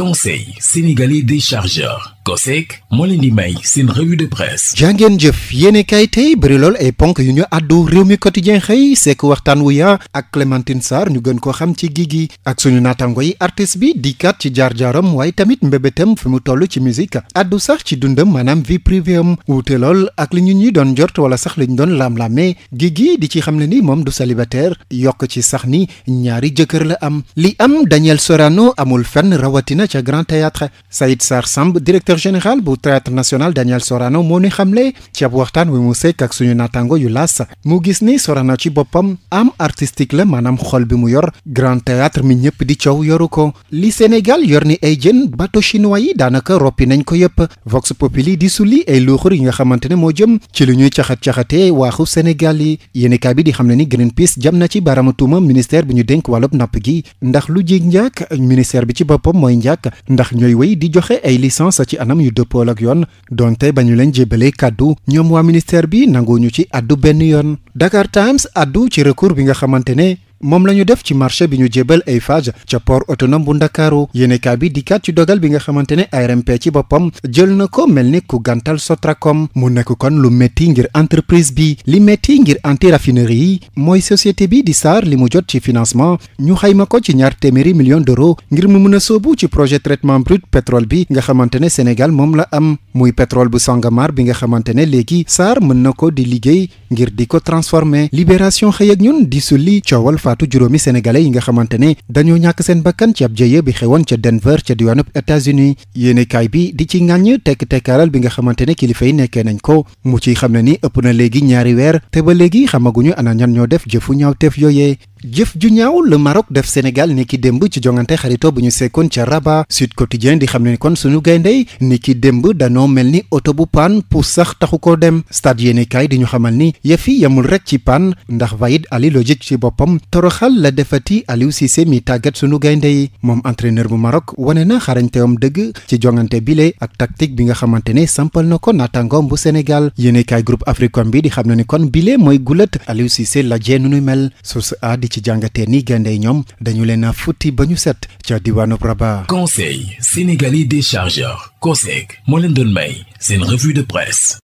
conseil sénégalais des chargeurs COSEC moo leen di may seen revue de presse jàngeen jëf yéene kay tey bëri lool ay ponk yu ñu àddu réew mi quotidien xëy sekk waxtaan wu ya ak Clémentine Sarr ñu gën ko xam ci Guigui ak suñu naataango yi artiste bi dikkaat ci jaar-jaaram waaye tamit mbébétam fi mu toll ci musique àddu sax ci dundam maanaam vie privée am wuute lool ak li ñu ñuy doon jort wala sax li doon laam-laamee Guigui di ci xam ne ni moom du célibataire yokk ci sax ni ñaari jëkkër la am li am Daniel Sorano amul fenn rawatina ca Grand Théâtre Saïd sar Samb directeur général bu théâtre national Daniel Sorano moo ni xamle ci ab waxtaan wi mu sekk ak suñu naataango yu laas mu gis ni Sorano ci boppam am artistique la maanaam xol bi mu yor Grand Théâtre mi ñëpp di coow yoru ko li Sénégal yor ni ay jën bateau chinois yi daanaka roppi nañ ko yëpp Vox Populi di sulli ay luuxur yi nga xamante ne moo jëm ci lu ñuy caxat-caxatee waaxu Sénégal yi yéenekaay bi di xam ne ni Greenpeace jam na ci baaraama ministère bi ñu dénk wàllub napp gi ndax lu jig njaak ministère bi ci boppam mooy njaak ndax ñooy wéy di joxe ay licence ci anam yu dëppool ak yoon donte ba ñu leen jébalee kàddu ñoom waa ministère bi nangoo ñu ci àddu benn yoon Dakar Times addu ci recours bi nga xamante ne moom la ñu def ci marché bi ñu jébal Eiffage ca port autonome bu ndakaaru yéenekaay bi di dikkaat ci dogal bi nga xamante ne ARMP ci boppam jël na ko mel ni ku gàntal Sotracom mu nekk kon lu métti ngir entreprise bi li métti ngir anti raffinerie yi mooy société bi di saar li mu jot ci financement ñu xayma ko ci ñaar téeméeri million d'euros ngir mu mën a soobu ci projet traitement brut pétrole bi nga xamante ne Sénégal moom la am muy pétrole bu Sangomar bi nga xamante ne léegi SAR mën na ko di liggéey ngir di ko transformer libération xëy ak faatu juróomi sénégalais yi nga xamante ne dañoo ñàkk seen bakkan ci ab jëye bi xewoon ca Denver ca diwaanub États-Unis yéenekaay bi di ci ŋàññ tekk-tekkaaral bi nga xamante ne kilifa yi nekkee nañ ko mu ciy xam ne ni ëpp na léegi ñaari weer te ba léegi xamaguñu ana ñan ñoo def jëfu ñaawteef yooyee jëf ju ñaaw la Maroc def Sénégal ni ki démb ci jongante xarito bu ñu sekkoon ca Rabat Sud Quotidien di xam ne kon suñu gayndey ni ki démb danoo mel ni oto bu panne pour sax taxu ko dem stade yéenekaay di ñu xamal ni yëfi yemul rek ci panne ndax Vahid Ali Lodjic ci boppam toroxal la defati Aliou Cissé mi tàggat suñu gaynde yi moom entraîneur bu Maroc wane na xarañteewam dëgg ci jongante bile ak tactique bi nga xamante ne sampal na ko naataangoom bu Sénégal yéenekaay groupe Africom bi di xam ne ni kon bile mooy gulat Aliou Cissé la jee nu mel ci jàngate ni gaynde yi ñoom dañu leen a futti ba ñu set ca diwaanub Rabat. conseil sénégalais des chargeurs COSEC moo leen doon may seen revue de presse.